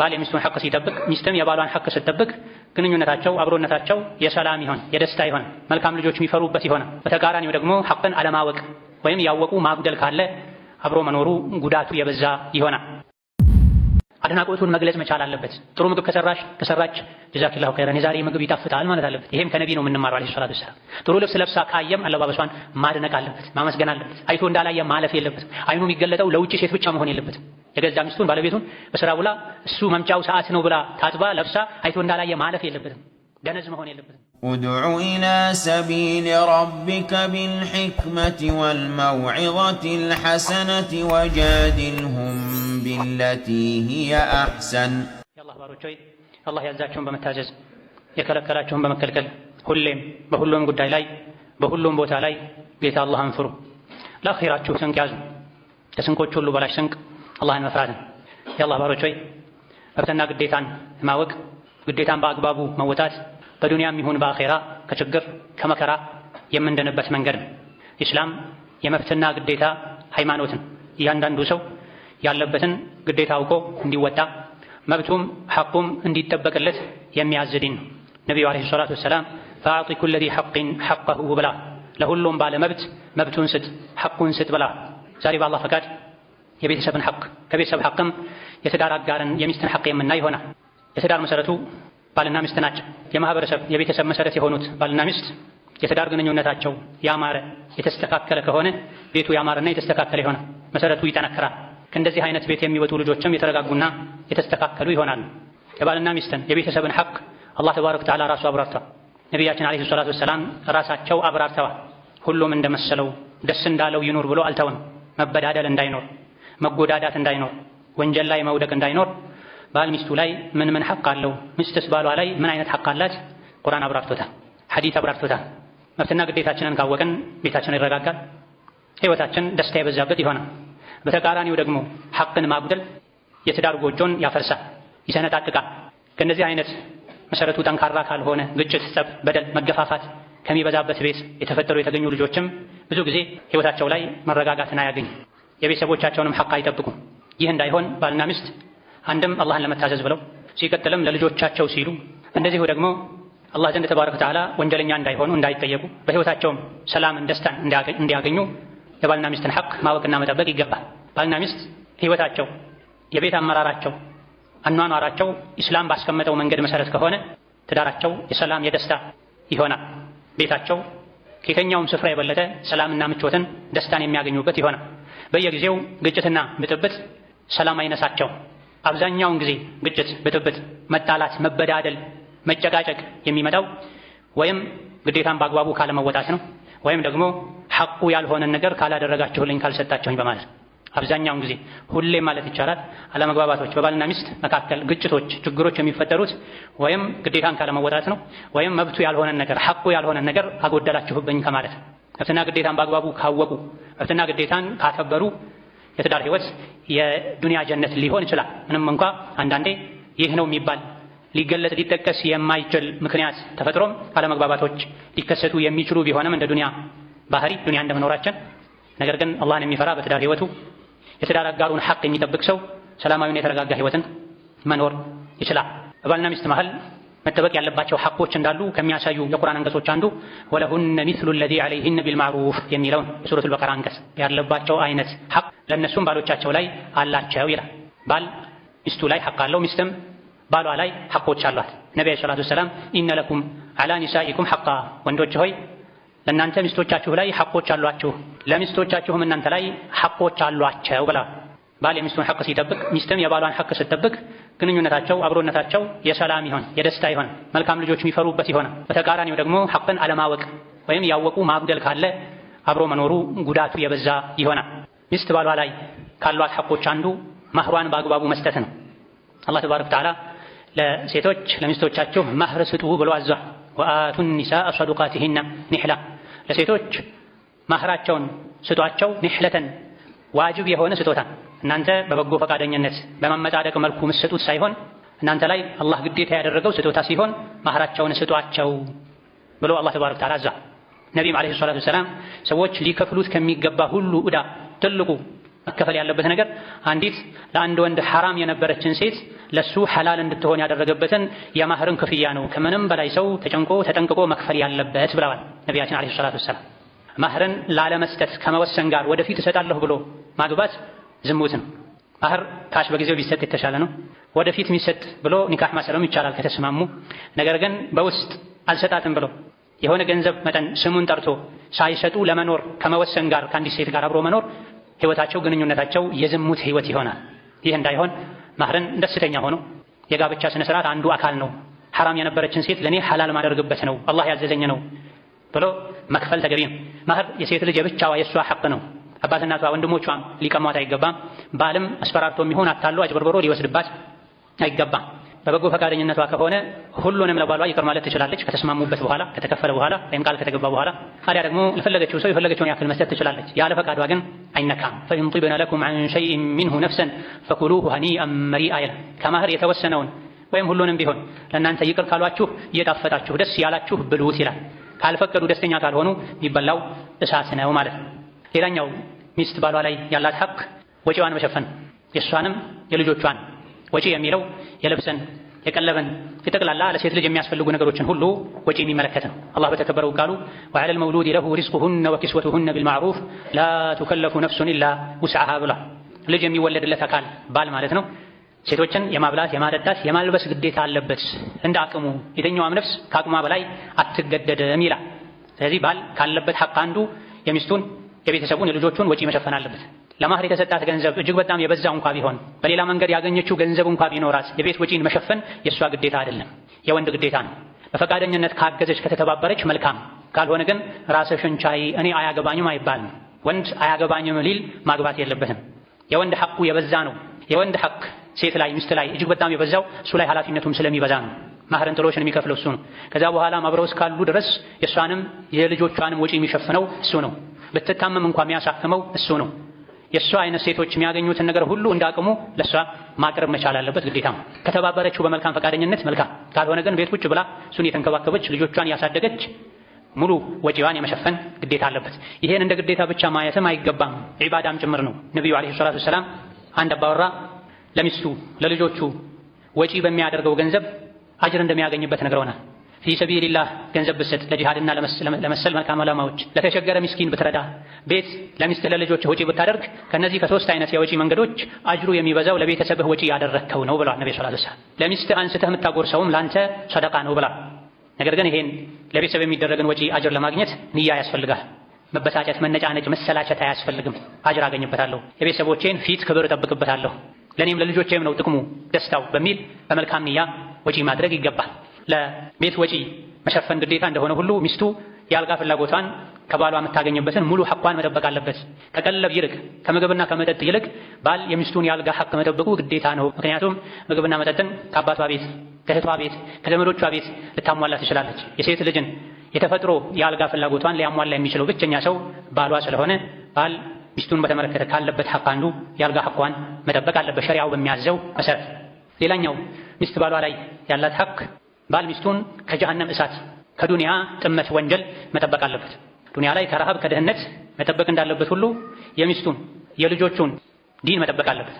ባል የሚስቱን ሐቅ ሲጠብቅ ሚስትም የባሏን ሐቅ ስትጠብቅ ግንኙነታቸው አብሮነታቸው የሰላም ይሆን የደስታ ይሆን መልካም ልጆች የሚፈሩበት ይሆን። በተቃራኒው ደግሞ ሐቅን አለማወቅ ወይም ያወቁ ማጉደል ካለ አብሮ መኖሩ ጉዳቱ የበዛ ይሆናል። አድናቆቱን መግለጽ መቻል አለበት። ጥሩ ምግብ ከሰራሽ ከሰራች ጀዛኪላሁ ኸይረን የዛሬ ምግብ ይጣፍጣል ማለት አለበት። ይሄም ከነቢ ነው የምንማረው አለይሂ ሰላቱ ወሰላም። ጥሩ ልብስ ለብሳ ካየም አለባበሷን ማድነቅ አለበት፣ ማመስገን አለበት። አይቶ እንዳላየ ማለፍ የለበትም። አይኑ የሚገለጠው ለውጭ ሴት ብቻ መሆን የለበትም። የገዛ ሚስቱን ባለቤቱን በስራ ብላ እሱ መምጫው ሰዓት ነው ብላ ታጥባ ለብሳ አይቶ እንዳላየ ማለፍ የለበትም። ደነዝ መሆን የለበትም። ኡድዑ ኢላ ሰቢል ረቢከ ቢልሕክመቲ ወልመውዒዘቲ ልሐሰነቲ ወጃድልሁም ቢለቲ ሂየ አሕሰን። የአላህ ባሮች ሆይ አላህ ያዛቸውን በመታዘዝ የከለከላቸውን በመከልከል ሁሌም በሁሉም ጉዳይ ላይ በሁሉም ቦታ ላይ ጌታ አላህን አንፍሩ ለአኼራችሁ ስንቅ ያዙ። ከስንቆች ሁሉ በላሽ ስንቅ አላህን መፍራትን የአላህ ባሮች ሆይ መብትና ግዴታን ማወቅ፣ ግዴታን በአግባቡ መወጣት በዱንያም ይሁን በአኼራ ከችግር ከመከራ የምንድንበት መንገድ ነው። ኢስላም የመብትና ግዴታ ሃይማኖትን እያንዳንዱ ሰው ያለበትን ግዴታ አውቆ እንዲወጣ መብቱም ሐቁም እንዲጠበቅለት የሚያዝድን ነው። ነቢዩ ዓለይሂ ሰላቱ ወሰላም ፈአዕጢ ኩለ ዚ ሐቅን ሐቀሁ ብላ ለሁሉም ባለ መብት መብቱን ስጥ ሐቁን ስጥ ብላ ዛሬ በአላህ ፈቃድ የቤተሰብን ሐቅ ከቤተሰብ ሐቅም የትዳር አጋርን የሚስትን ሐቅ የምና ይሆናል። የትዳር መሰረቱ ባልና ሚስት ናቸው። የማህበረሰብ የቤተሰብ መሰረት የሆኑት ባልና ሚስት የትዳር ግንኙነታቸው ያማረ የተስተካከለ ከሆነ ቤቱ ያማረና የተስተካከለ ይሆናል። መሰረቱ ይጠነክራል። ከእንደዚህ አይነት ቤት የሚወጡ ልጆችም የተረጋጉና የተስተካከሉ ይሆናሉ። የባልና ሚስትን የቤተሰብን ሐቅ አላህ ተባረከ ወተዓላ ራሱ አብራርተዋል። ነቢያችን አለይሂ ሰላቱ ወሰላም ራሳቸው አብራርተዋል። ሁሉም እንደመሰለው ደስ እንዳለው ይኑር ብሎ አልተውም። መበዳደል እንዳይኖር መጎዳዳት እንዳይኖር፣ ወንጀል ላይ መውደቅ እንዳይኖር ባል ሚስቱ ላይ ምን ምን ሐቅ አለው? ሚስትስ ባሏ ላይ ምን አይነት ሐቅ አላት? ቁርአን አብራርቶታል፣ ሐዲት አብራርቶታል። መብትና ግዴታችንን ካወቅን ቤታችን ይረጋጋል፣ ህይወታችን ደስታ የበዛበት ይሆናል። በተቃራኒው ደግሞ ሐቅን ማጉደል የትዳር ጎጆን ያፈርሳል፣ ይሰነጣጥቃል። ከእነዚህ አይነት መሰረቱ ጠንካራ ካልሆነ ግጭት፣ ጸብ፣ በደል፣ መገፋፋት ከሚበዛበት ቤት የተፈጠሩ የተገኙ ልጆችም ብዙ ጊዜ ህይወታቸው ላይ መረጋጋትን አያገኙ የቤተሰቦቻቸውንም ሐቅ አይጠብቁም። ይህ እንዳይሆን ባልና ሚስት አንድም አላህን ለመታዘዝ ብለው ሲቀጥልም ለልጆቻቸው ሲሉ እንደዚሁ ደግሞ አላህ ዘንድ ተባረከ ወተዓላ ወንጀለኛ እንዳይሆኑ እንዳይጠየቁ፣ በህይወታቸውም ሰላምን ደስታን እንዲያገኙ የባልና ሚስትን ሐቅ ማወቅና መጠበቅ ይገባል። ባልና ሚስት ህይወታቸው፣ የቤት አመራራቸው፣ አኗኗራቸው ኢስላም ባስቀመጠው መንገድ መሰረት ከሆነ ትዳራቸው የሰላም የደስታ ይሆናል። ቤታቸው ከየትኛውም ስፍራ የበለጠ ሰላምና ምቾትን ደስታን የሚያገኙበት ይሆናል። በየጊዜው ግጭትና ብጥብጥ ሰላም አይነሳቸው። አብዛኛውን ጊዜ ግጭት፣ ብጥብጥ፣ መጣላት፣ መበዳደል፣ መጨቃጨቅ የሚመጣው ወይም ግዴታን በአግባቡ ካለመወጣት ነው ወይም ደግሞ ሐቁ ያልሆነን ነገር ካላደረጋችሁልኝ ካልሰጣችሁኝ በማለት አብዛኛውን ጊዜ ሁሌም ማለት ይቻላል አለመግባባቶች በባልና ሚስት መካከል ግጭቶች፣ ችግሮች የሚፈጠሩት ወይም ግዴታን ካለመወጣት ነው ወይም መብቱ ያልሆነን ነገር ሐቁ ያልሆነን ነገር አጎደላችሁብኝ ከማለት ነው። መብትና ግዴታን በአግባቡ ካወቁ፣ መብትና ግዴታን ካከበሩ የትዳር ህይወት የዱንያ ጀነት ሊሆን ይችላል። ምንም እንኳ አንዳንዴ ይህ ነው የሚባል ሊገለጽ ሊጠቀስ የማይችል ምክንያት ተፈጥሮም አለመግባባቶች ሊከሰቱ የሚችሉ ቢሆንም እንደ ዱንያ ባህሪ ዱንያ እንደመኖራችን፣ ነገር ግን አላህን የሚፈራ በትዳር ህይወቱ የትዳር አጋሩን ሐቅ የሚጠብቅ ሰው ሰላማዊና የተረጋጋ ህይወትን መኖር ይችላል። በባልና ሚስት መሃል መጠበቅ ያለባቸው ሐቆች እንዳሉ ከሚያሳዩ የቁርአን አንቀጾች አንዱ ወለሁነ ሚስሉ ለዚ ዓለይህን ቢልማዕሩፍ የሚለውን የሱረቱል በቀራ አንቀጽ ያለባቸው አይነት ሐቅ ለእነሱም ባሎቻቸው ላይ አላቸው ይላል። ባል ሚስቱ ላይ ሐቅ አለው፣ ሚስትም ባሏ ላይ ሐቆች አሏት። ነቢ ዐለይሂ ሰላቱ ወሰላም ኢነ ለኩም ዐላ ኒሳኢኩም ሐቃ፣ ወንዶች ሆይ ለእናንተ ሚስቶቻችሁ ላይ ሐቆች አሏችሁ፣ ለሚስቶቻችሁም እናንተ ላይ ሐቆች አሏቸው ብለዋል። ባል የሚስቱን ሐቅ ሲጠብቅ፣ ሚስትም የባሏን ሐቅ ስትጠብቅ ግንኙነታቸው አብሮነታቸው የሰላም ይሆን የደስታ ይሆን መልካም ልጆች የሚፈሩበት ይሆን። በተቃራኒው ደግሞ ሐቅን አለማወቅ ወይም ያወቁ ማጉደል ካለ አብሮ መኖሩ ጉዳቱ የበዛ ይሆናል። ሚስት ባሏ ላይ ካሏት ሐቆች አንዱ ማህሯን በአግባቡ መስጠት ነው። አላህ ተባረከ ወተዓላ ለሴቶች ለሚስቶቻቸው ማህር ስጡ ብሎ አዟል። ወአቱ ኒሳ ሰዱቃቲሂና ኒሕላ ለሴቶች ማህራቸውን ስጧቸው፣ ኒሕለተን ዋጅብ የሆነ ስጦታ እናንተ በበጎ ፈቃደኝነት በመመጻደቅ መልኩ ምሰጡት ሳይሆን እናንተ ላይ አላህ ግዴታ ያደረገው ስጦታ ሲሆን ማህራቸውን ስጧቸው ብሎ አላህ ተባረከ ተዓላ አዛ። ነቢም ዓለይሂ ሰላቱ ወሰላም ሰዎች ሊከፍሉት ከሚገባ ሁሉ ዕዳ ትልቁ መከፈል ያለበት ነገር አንዲት ለአንድ ወንድ ሐራም የነበረችን ሴት ለሱ ሐላል እንድትሆን ያደረገበትን የማህርን ክፍያ ነው ከምንም በላይ ሰው ተጨንቆ ተጠንቅቆ መክፈል ያለበት ብለዋል ነቢያችን ዓለይሂ ሰላቱ ወሰላም። ማህርን ላለመስጠት ከመወሰን ጋር ወደፊት እሰጣለሁ ብሎ ማግባት ዝሙት ነው። ማህር ካሽ በጊዜው ቢሰጥ የተሻለ ነው። ወደፊት የሚሰጥ ብሎ ኒካህ ማሰለም ይቻላል ከተስማሙ። ነገር ግን በውስጥ አልሰጣትም ብሎ የሆነ ገንዘብ መጠን ስሙን ጠርቶ ሳይሰጡ ለመኖር ከመወሰን ጋር ከአንዲት ሴት ጋር አብሮ መኖር ህይወታቸው፣ ግንኙነታቸው የዝሙት ህይወት ይሆናል። ይህ እንዳይሆን ማህርን ደስተኛ ሆኖ የጋብቻ ስነ ስርዓት አንዱ አካል ነው። ሐራም የነበረችን ሴት ለኔ ሐላል ማደርግበት ነው፣ አላህ ያዘዘኝ ነው ብሎ መክፈል ተገቢ ነው። ማህር የሴት ልጅ የብቻዋ የእሷ ሐቅ ነው። አባትናቷ ወንድሞቿም ሊቀሟት አይገባም። ባልም አስፈራርቶ የሚሆን አታሎ አጭበርብሮ ሊወስድባት አይገባም። በበጎ ፈቃደኝነቷ ከሆነ ሁሉንም ለባሏ ይቅር ማለት ትችላለች። ከተስማሙበት በኋላ ከተከፈለ በኋላ ወይም ቃል ከተገባ በኋላ አሊያ ደግሞ ለፈለገችው ሰው የፈለገችውን ያክል መስጠት ትችላለች። ያለ ፈቃዷ ግን አይነካም። ፈኢን ጢብነ ለኩም አን ሸይእን ሚንሁ ነፍሰን ፈኩሉሁ ሀኒአን መሪአ ይላል። ከማህር የተወሰነውን ወይም ሁሉንም ቢሆን ለእናንተ ይቅር ካሏችሁ እየጣፈጣችሁ ደስ ያላችሁ ብሉት ይላል። ካልፈቀዱ ደስተኛ ካልሆኑ የሚበላው እሳት ነው ማለት ነው። ሌላኛው ሚስት ባሏ ላይ ያላት ሀቅ ወጪዋን መሸፈን የእሷንም የልጆቿን ወጪ የሚለው የልብስን፣ የቀለብን የጠቅላላ ለሴት ልጅ የሚያስፈልጉ ነገሮችን ሁሉ ወጪ የሚመለከት ነው። አላህ በተከበረው ቃሉ ወዐለል መውሉድ ለሁ ሪዝቁሁነ ወኪስወቱሁነ ቢልማዕሩፍ ላ ቱከለፉ ነፍሱን ኢላ ውስዐሃ ብሏል። ልጅ የሚወለድለት አካል ባል ማለት ነው። ሴቶችን የማብላት የማጠጣት የማልበስ ግዴታ አለበት እንደ አቅሙ። የትኛዋም ነፍስ ከአቅሟ በላይ አትገደድም ይላል። ስለዚህ ባል ካለበት ሀቅ አንዱ የሚስቱን የቤተሰቡን የልጆቹን ወጪ መሸፈን አለበት። ለማህር የተሰጣት ገንዘብ እጅግ በጣም የበዛ እንኳ ቢሆን በሌላ መንገድ ያገኘችው ገንዘብ እንኳ ቢኖራት የቤት ወጪን መሸፈን የእሷ ግዴታ አይደለም፣ የወንድ ግዴታ ነው። በፈቃደኝነት ካገዘች ከተተባበረች መልካም፣ ካልሆነ ግን ራስሽን ቻይ፣ እኔ አያገባኝም አይባልም። ወንድ አያገባኝም ሊል ማግባት የለበትም። የወንድ ሐቁ የበዛ ነው። የወንድ ሐቅ ሴት ላይ ሚስት ላይ እጅግ በጣም የበዛው እሱ ላይ ኃላፊነቱም ስለሚበዛ ነው። ማህረን ጥሎሽን የሚከፍለው እሱ ነው። ከዛ በኋላ አብረው እስካሉ ድረስ የእሷንም የልጆቿንም ወጪ የሚሸፍነው እሱ ነው። ብትታመም እንኳ የሚያሳክመው እሱ ነው። የእሷ አይነት ሴቶች የሚያገኙትን ነገር ሁሉ እንዳቅሙ ለእሷ ማቅረብ መቻል አለበት፣ ግዴታ ነው። ከተባበረችው በመልካም ፈቃደኝነት መልካም፣ ካልሆነ ግን ቤት ቁጭ ብላ እሱን የተንከባከበች ልጆቿን ያሳደገች ሙሉ ወጪዋን የመሸፈን ግዴታ አለበት። ይሄን እንደ ግዴታ ብቻ ማየትም አይገባም፣ ዒባዳም ጭምር ነው። ነቢዩ ዓለይሂ ሰላቱ ወሰላም አንድ አባወራ ለሚስቱ ለልጆቹ ወጪ በሚያደርገው ገንዘብ አጅር እንደሚያገኝበት ነግረውናል። ፊሰቢልላህ ገንዘብ ብትሰጥ ለጂሃድና ለመሰል መልካም ዓላማዎች፣ ለተቸገረ ምስኪን ብትረዳ፣ ቤት ለሚስት ለልጆች ወጪ ብታደርግ ከነዚህ ከሶስት አይነት የወጪ መንገዶች አጅሩ የሚበዛው ለቤተሰብህ ወጪ ያደረግከው ነው ብሏል ነቢ ሰለላሁ ዐለይሂ ወሰለም። አንስተህ የምታጎርሰውም ለአንተ ሰደቃ ነው ብሏል። ነገር ግን ይሄን ለቤተሰብ የሚደረግን ወጪ አጅር ለማግኘት ንያ ያስፈልጋል። መበሳጨት፣ መነጫነጭ፣ መሰላቸት አያስፈልግም። አጅር አገኝበታለሁ፣ የቤተሰቦቼን ፊት ክብር እጠብቅበታለሁ፣ ለእኔም ለልጆቼም ነው ጥቅሙ ደስታው በሚል በመልካም ንያ ወጪ ማድረግ ይገባል። ለቤት ወጪ መሸፈን ግዴታ እንደሆነ ሁሉ ሚስቱ የአልጋ ፍላጎቷን ከባሏ የምታገኝበትን ሙሉ ሐቋን መጠበቅ አለበት። ከቀለብ ይልቅ ከምግብና ከመጠጥ ይልቅ ባል የሚስቱን የአልጋ ሐቅ መጠበቁ ግዴታ ነው። ምክንያቱም ምግብና መጠጥን ከአባቷ ቤት፣ ከእህቷ ቤት፣ ከዘመዶቿ ቤት ልታሟላ ትችላለች። የሴት ልጅን የተፈጥሮ የአልጋ ፍላጎቷን ሊያሟላ የሚችለው ብቸኛ ሰው ባሏ ስለሆነ ባል ሚስቱን በተመለከተ ካለበት ሐቅ አንዱ የአልጋ ሐቋን መጠበቅ አለበት፣ ሸሪያው በሚያዘው መሰረት። ሌላኛው ሚስት ባሏ ላይ ያላት ሐቅ ባል ሚስቱን ከጀሃነም እሳት ከዱንያ ጥመት ወንጀል መጠበቅ አለበት። ዱንያ ላይ ከረሃብ ከድህነት መጠበቅ እንዳለበት ሁሉ የሚስቱን የልጆቹን ዲን መጠበቅ አለበት።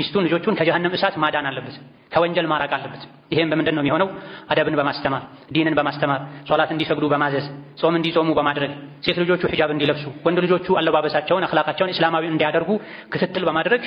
ሚስቱን ልጆቹን ከጀሃነም እሳት ማዳን አለበት፣ ከወንጀል ማራቅ አለበት። ይሄም በምንድን ነው የሚሆነው? አደብን በማስተማር ዲንን በማስተማር ሶላት እንዲሰግዱ በማዘዝ ጾም እንዲጾሙ በማድረግ ሴት ልጆቹ ሒጃብ እንዲለብሱ ወንድ ልጆቹ አለባበሳቸውን አኽላቃቸውን እስላማዊ እንዲያደርጉ ክትትል በማድረግ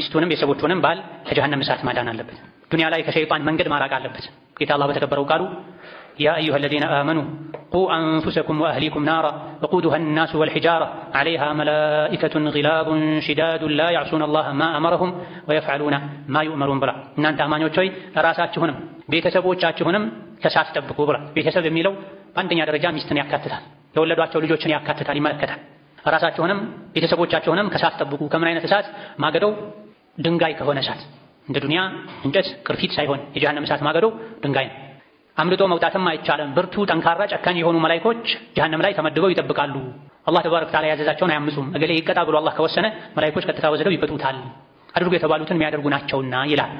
ሚስቱንም ቤተሰቦቹንም ባል ከጀሃነም እሳት ማዳን አለበት። ዱንያ ላይ ከሸይጣን መንገድ ማራቅ አለበት። ጌታ አላህ በተከበረው ቃሉ ያ አዩሃ አለዚነ አመኑ ቁ አንፉሰኩም ወአህሊኩም ናራ ወቁዱሃ ናሱ ወልሒጃራ ዓለይሃ መላኢከቱን ጊላቡን ሽዳዱን ላ ያዕሱነ አላህ ማ አመረሁም ወየፍዓሉነ ማ ዩእመሩን ብላ እናንተ አማኞች ሆይ ራሳችሁንም ቤተሰቦቻችሁንም ከሳት ጠብቁ ብላ። ቤተሰብ የሚለው በአንደኛ ደረጃ ሚስትን ያካትታል፣ የወለዷቸው ልጆችን ያካትታል፣ ይመለከታል። ራሳችሁንም ቤተሰቦቻችሁንም ከሳት ጠብቁ። ከምን አይነት እሳት? ማገደው ድንጋይ ከሆነ እሳት እንደ ዱንያ እንጨት ቅርፊት ሳይሆን የጀሃነም እሳት ማገዶ ድንጋይ ነው። አምልጦ መውጣትም አይቻልም። ብርቱ፣ ጠንካራ፣ ጨካኝ የሆኑ መላይኮች ጀሃነም ላይ ተመድበው ይጠብቃሉ። አላህ ተባረከ ወተዓላ ያዘዛቸውን አያምፁም። እገሌ ይቀጣ ብሎ አላህ ከወሰነ መላይኮች ቀጥታ ወስደው ይቀጡታል። አድርጉ የተባሉትን የሚያደርጉ ናቸውና ይላል።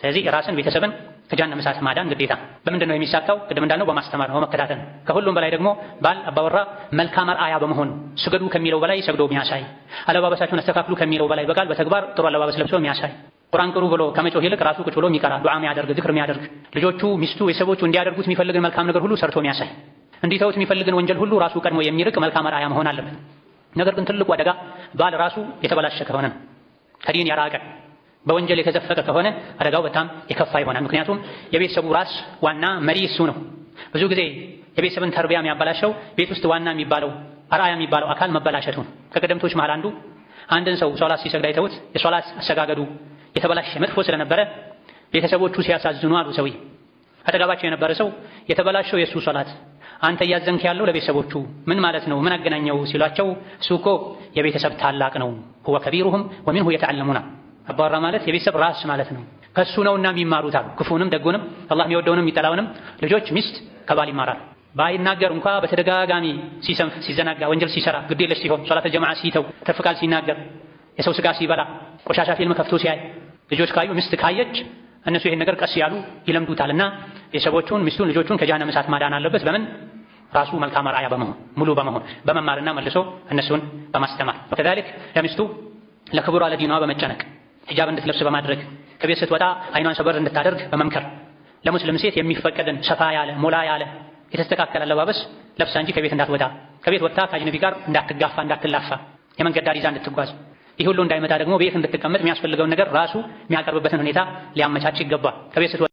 ስለዚህ ራስን ቤተሰብን ከጀሃነም እሳት ማዳን ግዴታ። በምንድን ነው የሚሳካው? ቅድም እንዳልነው በማስተማር ነው፣ በመከታተል ነው። ከሁሉም በላይ ደግሞ ባል አባወራ መልካም አርአያ በመሆን ስገዱ ከሚለው በላይ ሰግዶ የሚያሳይ አለባበሳቸውን አስተካክሉ ከሚለው በላይ በቃል በተግባር ጥሩ አለባበስ ለብሶ የሚያሳይ ቁርአን ቅሩ ብሎ ከመጮህ ይልቅ ራሱ ቁጭ ብሎ የሚቀራ ዱዓ የሚያደርግ ዚክር የሚያደርግ ልጆቹ፣ ሚስቱ፣ ቤተሰቦቹ እንዲያደርጉት የሚፈልግን መልካም ነገር ሁሉ ሰርቶ የሚያሳይ እንዲተውት የሚፈልግን ወንጀል ሁሉ ራሱ ቀድሞ የሚርቅ መልካም አርአያ መሆን አለበት። ነገር ግን ትልቁ አደጋ ባል ራሱ የተበላሸ ከሆነ ነው። ከዲን ያራቀ በወንጀል የተዘፈቀ ከሆነ አደጋው በጣም የከፋ ይሆናል። ምክንያቱም የቤተሰቡ ራስ ዋና መሪ እሱ ነው። ብዙ ጊዜ የቤተሰብን ተርቢያ የሚያበላሸው ቤት ውስጥ ዋና የሚባለው አርአያ የሚባለው አካል መበላሸቱ ነው። ከቀደምቶች መሃል አንዱ አንድን ሰው ሶላት ሲሰግድ አይተውት የሶላት አሰጋገዱ የተበላሸ መጥፎ ስለነበረ ቤተሰቦቹ ሲያሳዝኑ አሉ። ሰው አጠገባቸው የነበረ ሰው የተበላሸው የእሱ ሶላት አንተ እያዘንክ ያለው ለቤተሰቦቹ ምን ማለት ነው? ምን አገናኘው? ሲሏቸው እሱ እኮ የቤተሰብ ታላቅ ነው፣ ሁወ ከቢሩሁም ወሚንሁ የተዓለሙና አባወራ ማለት የቤተሰብ ራስ ማለት ነው። ከሱ ነውና የሚማሩት አሉ። ክፉንም ደጉንም አላህ የሚወደውንም የሚጠላውንም ልጆች ሚስት ከባል ይማራል። ባይናገር እንኳ በተደጋጋሚ ሲሰንፍ፣ ሲዘናጋ፣ ወንጀል ሲሰራ፣ ግዴለሽ ሲሆን፣ ሶላተ ጀማዓ ሲተው፣ ትርፍ ቃል ሲናገር፣ የሰው ስጋ ሲበላ፣ ቆሻሻ ፊልም ከፍቶ ሲያይ ልጆች ካዩ ሚስት ካየች እነሱ ይሄን ነገር ቀስ ያሉ ይለምዱታልና የሰቦቹን ሚስቱን ልጆቹን ከጀሃነም እሳት ማዳን አለበት። በምን ራሱ መልካም አርአያ በመሆን ሙሉ በመሆን በመማርና መልሶ እነሱን በማስተማር ከዛልክ ለሚስቱ ለክብሯ ለዲኗ በመጨነቅ ሂጃብ እንድትለብስ በማድረግ ከቤት ስትወጣ አይኗን ሰበር እንድታደርግ በመምከር ለሙስሊም ሴት የሚፈቀድን ሰፋ ያለ ሞላ ያለ የተስተካከለ አለባበስ ለብሳ እንጂ ከቤት እንዳትወጣ ከቤት ወጥታ ከአጅነቢ ጋር እንዳትጋፋ እንዳትላፋ የመንገድ ዳር ይዛ እንድትጓዝ ይህ ሁሉ እንዳይመጣ ደግሞ ቤት እንድትቀመጥ የሚያስፈልገውን ነገር ራሱ የሚያቀርብበትን ሁኔታ ሊያመቻች ይገባል። ከቤት